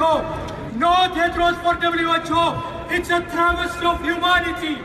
No death rows for WHO. It's a travesty of humanity.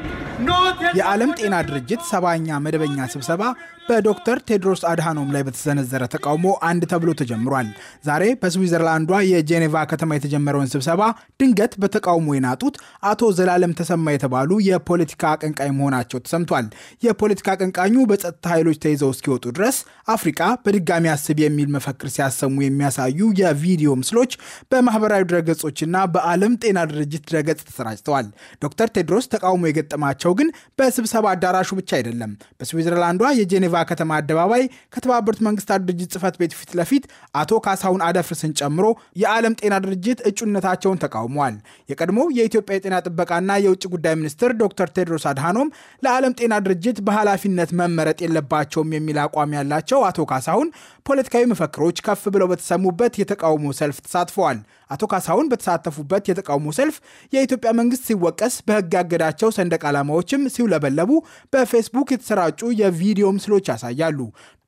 የዓለም ጤና ድርጅት ሰባኛ መደበኛ ስብሰባ በዶክተር ቴድሮስ አድሃኖም ላይ በተሰነዘረ ተቃውሞ አንድ ተብሎ ተጀምሯል። ዛሬ በስዊዘርላንዷ የጄኔቫ ከተማ የተጀመረውን ስብሰባ ድንገት በተቃውሞ የናጡት አቶ ዘላለም ተሰማ የተባሉ የፖለቲካ አቀንቃኝ መሆናቸው ተሰምቷል። የፖለቲካ አቀንቃኙ በጸጥታ ኃይሎች ተይዘው እስኪወጡ ድረስ አፍሪቃ በድጋሚ አስብ የሚል መፈክር ሲያሰሙ የሚያሳዩ የቪዲዮ ምስሎች በማህበራዊ ድረገጾችና በዓለም ጤና ድርጅት ድረገጽ ተሰራጭተዋል። ዶክተር ቴድሮስ ተቃውሞ የገጠማቸው ያላቸው ግን በስብሰባ አዳራሹ ብቻ አይደለም። በስዊዘርላንዷ የጄኔቫ ከተማ አደባባይ ከተባበሩት መንግስታት ድርጅት ጽህፈት ቤት ፊት ለፊት አቶ ካሳሁን አደፍርስን ጨምሮ የዓለም ጤና ድርጅት እጩነታቸውን ተቃውመዋል። የቀድሞ የኢትዮጵያ የጤና ጥበቃና የውጭ ጉዳይ ሚኒስትር ዶክተር ቴድሮስ አድሃኖም ለዓለም ጤና ድርጅት በኃላፊነት መመረጥ የለባቸውም የሚል አቋም ያላቸው አቶ ካሳሁን ፖለቲካዊ መፈክሮች ከፍ ብለው በተሰሙበት የተቃውሞ ሰልፍ ተሳትፈዋል። አቶ ካሳሁን በተሳተፉበት የተቃውሞ ሰልፍ የኢትዮጵያ መንግስት ሲወቀስ በህግ ያገዳቸው ሰንደቅ ዓላማ ከተማዎችም ሲውለበለቡ በፌስቡክ የተሰራጩ የቪዲዮ ምስሎች ያሳያሉ።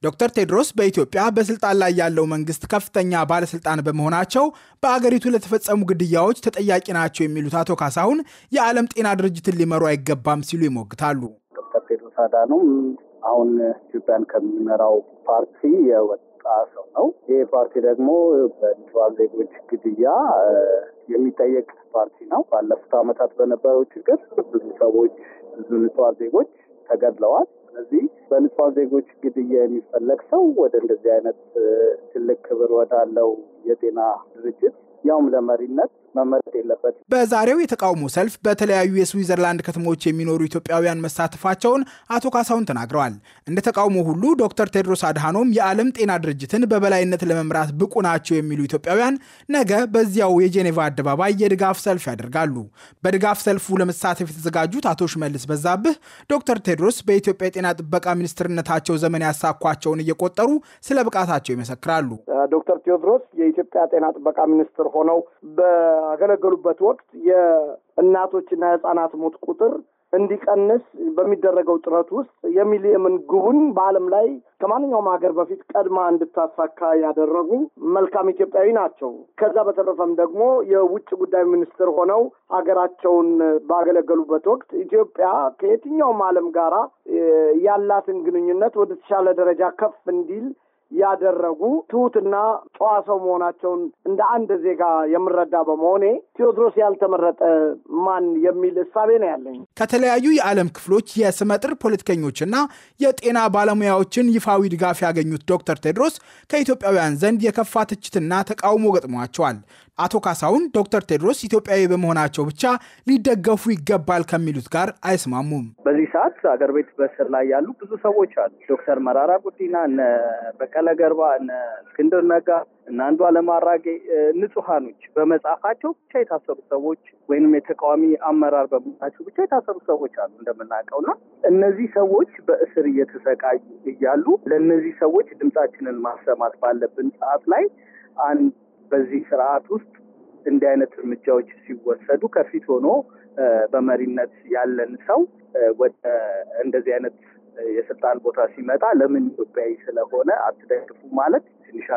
ዶክተር ቴድሮስ በኢትዮጵያ በስልጣን ላይ ያለው መንግስት ከፍተኛ ባለስልጣን በመሆናቸው በአገሪቱ ለተፈጸሙ ግድያዎች ተጠያቂ ናቸው የሚሉት አቶ ካሳሁን የዓለም ጤና ድርጅትን ሊመሩ አይገባም ሲሉ ይሞግታሉ። ዶክተር ቴድሮስ አዳኖም አሁን ኢትዮጵያን ከሚመራው ፓርቲ የወጣ ሰው ነው። ይህ ፓርቲ ደግሞ በንጹሃን ዜጎች ግድያ የሚጠየቅ ፓርቲ ነው። ባለፉት ዓመታት በነበረው ችግር ብዙ ሰዎች ብዙ ንጹሐን ዜጎች ተገድለዋል። ስለዚህ በንጹሐን ዜጎች ግድያ የሚፈለግ ሰው ወደ እንደዚህ አይነት ትልቅ ክብር ወዳለው የጤና ድርጅት ያውም ለመሪነት መመረጥ የለበት። በዛሬው የተቃውሞ ሰልፍ በተለያዩ የስዊዘርላንድ ከተሞች የሚኖሩ ኢትዮጵያውያን መሳተፋቸውን አቶ ካሳሁን ተናግረዋል። እንደ ተቃውሞ ሁሉ ዶክተር ቴድሮስ አድሃኖም የዓለም ጤና ድርጅትን በበላይነት ለመምራት ብቁ ናቸው የሚሉ ኢትዮጵያውያን ነገ በዚያው የጄኔቫ አደባባይ የድጋፍ ሰልፍ ያደርጋሉ። በድጋፍ ሰልፉ ለመሳተፍ የተዘጋጁት አቶ ሽመልስ በዛብህ ዶክተር ቴድሮስ በኢትዮጵያ የጤና ጥበቃ ሚኒስትርነታቸው ዘመን ያሳኳቸውን እየቆጠሩ ስለ ብቃታቸው ይመሰክራሉ። ዶክተር ቴዎድሮስ የኢትዮጵያ ጤና ጥበቃ ሚኒስትር ሆነው በ ባገለገሉበት ወቅት የእናቶችና የህፃናት ሞት ቁጥር እንዲቀንስ በሚደረገው ጥረት ውስጥ የሚሊየምን ግቡን በዓለም ላይ ከማንኛውም ሀገር በፊት ቀድማ እንድታሳካ ያደረጉ መልካም ኢትዮጵያዊ ናቸው። ከዛ በተረፈም ደግሞ የውጭ ጉዳይ ሚኒስትር ሆነው ሀገራቸውን ባገለገሉበት ወቅት ኢትዮጵያ ከየትኛውም ዓለም ጋራ ያላትን ግንኙነት ወደ ተሻለ ደረጃ ከፍ እንዲል ያደረጉ ትሁትና ጨዋ ሰው መሆናቸውን እንደ አንድ ዜጋ የምረዳ በመሆኔ ቴዎድሮስ ያልተመረጠ ማን የሚል እሳቤ ነው ያለኝ። ከተለያዩ የዓለም ክፍሎች የስመጥር ፖለቲከኞችና የጤና ባለሙያዎችን ይፋዊ ድጋፍ ያገኙት ዶክተር ቴድሮስ ከኢትዮጵያውያን ዘንድ የከፋ ትችትና ተቃውሞ ገጥሟቸዋል። አቶ ካሳውን ዶክተር ቴድሮስ ኢትዮጵያዊ በመሆናቸው ብቻ ሊደገፉ ይገባል ከሚሉት ጋር አይስማሙም። በዚህ ሰዓት አገር ቤት በስር ላይ ያሉ ብዙ ሰዎች አሉ። ዶክተር መራራ ጉዲና በቀለ ገርባ፣ እነ እስክንድር ነጋ እና አንዱ አለም ንጹሐኖች በመጽሐፋቸው ብቻ የታሰሩ ሰዎች ወይንም የተቃዋሚ አመራር በመሆናቸው ብቻ የታሰሩ ሰዎች አሉ እንደምናውቀው እና እነዚህ ሰዎች በእስር እየተሰቃዩ እያሉ ለእነዚህ ሰዎች ድምፃችንን ማሰማት ባለብን ሰዓት ላይ አንድ በዚህ ስርዓት ውስጥ እንዲህ አይነት እርምጃዎች ሲወሰዱ ከፊት ሆኖ በመሪነት ያለን ሰው ወደ እንደዚህ አይነት የስልጣን ቦታ ሲመጣ ለምን ኢትዮጵያዊ ስለሆነ አትደግፉ ማለት ትንሽ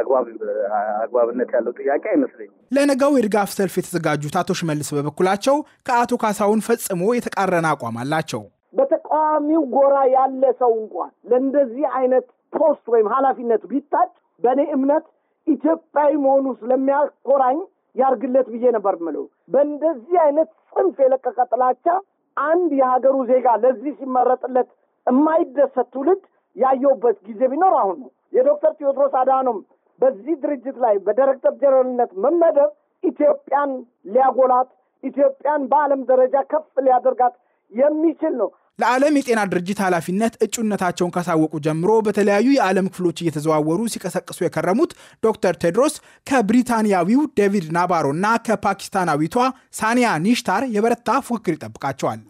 አግባብነት ያለው ጥያቄ አይመስለኝም። ለነገው የድጋፍ ሰልፍ የተዘጋጁት አቶ ሽመልስ በበኩላቸው ከአቶ ካሳሁን ፈጽሞ የተቃረነ አቋም አላቸው። በተቃዋሚው ጎራ ያለ ሰው እንኳን ለእንደዚህ አይነት ፖስት ወይም ኃላፊነት ቢታጭ በእኔ እምነት ኢትዮጵያዊ መሆኑ ስለሚያኮራኝ ያርግለት ብዬ ነበር ምለው። በእንደዚህ አይነት ጽንፍ የለቀቀ ጥላቻ አንድ የሀገሩ ዜጋ ለዚህ ሲመረጥለት የማይደሰት ትውልድ ያየውበት ጊዜ ቢኖር አሁን ነው። የዶክተር ቴዎድሮስ አድሃኖም በዚህ ድርጅት ላይ በዳይሬክተር ጀነራልነት መመደብ ኢትዮጵያን ሊያጎላት ኢትዮጵያን በዓለም ደረጃ ከፍ ሊያደርጋት የሚችል ነው። ለዓለም የጤና ድርጅት ኃላፊነት እጩነታቸውን ካሳወቁ ጀምሮ በተለያዩ የዓለም ክፍሎች እየተዘዋወሩ ሲቀሰቅሱ የከረሙት ዶክተር ቴድሮስ ከብሪታንያዊው ዴቪድ ናባሮ እና ከፓኪስታናዊቷ ሳኒያ ኒሽታር የበረታ ፉክክር ይጠብቃቸዋል።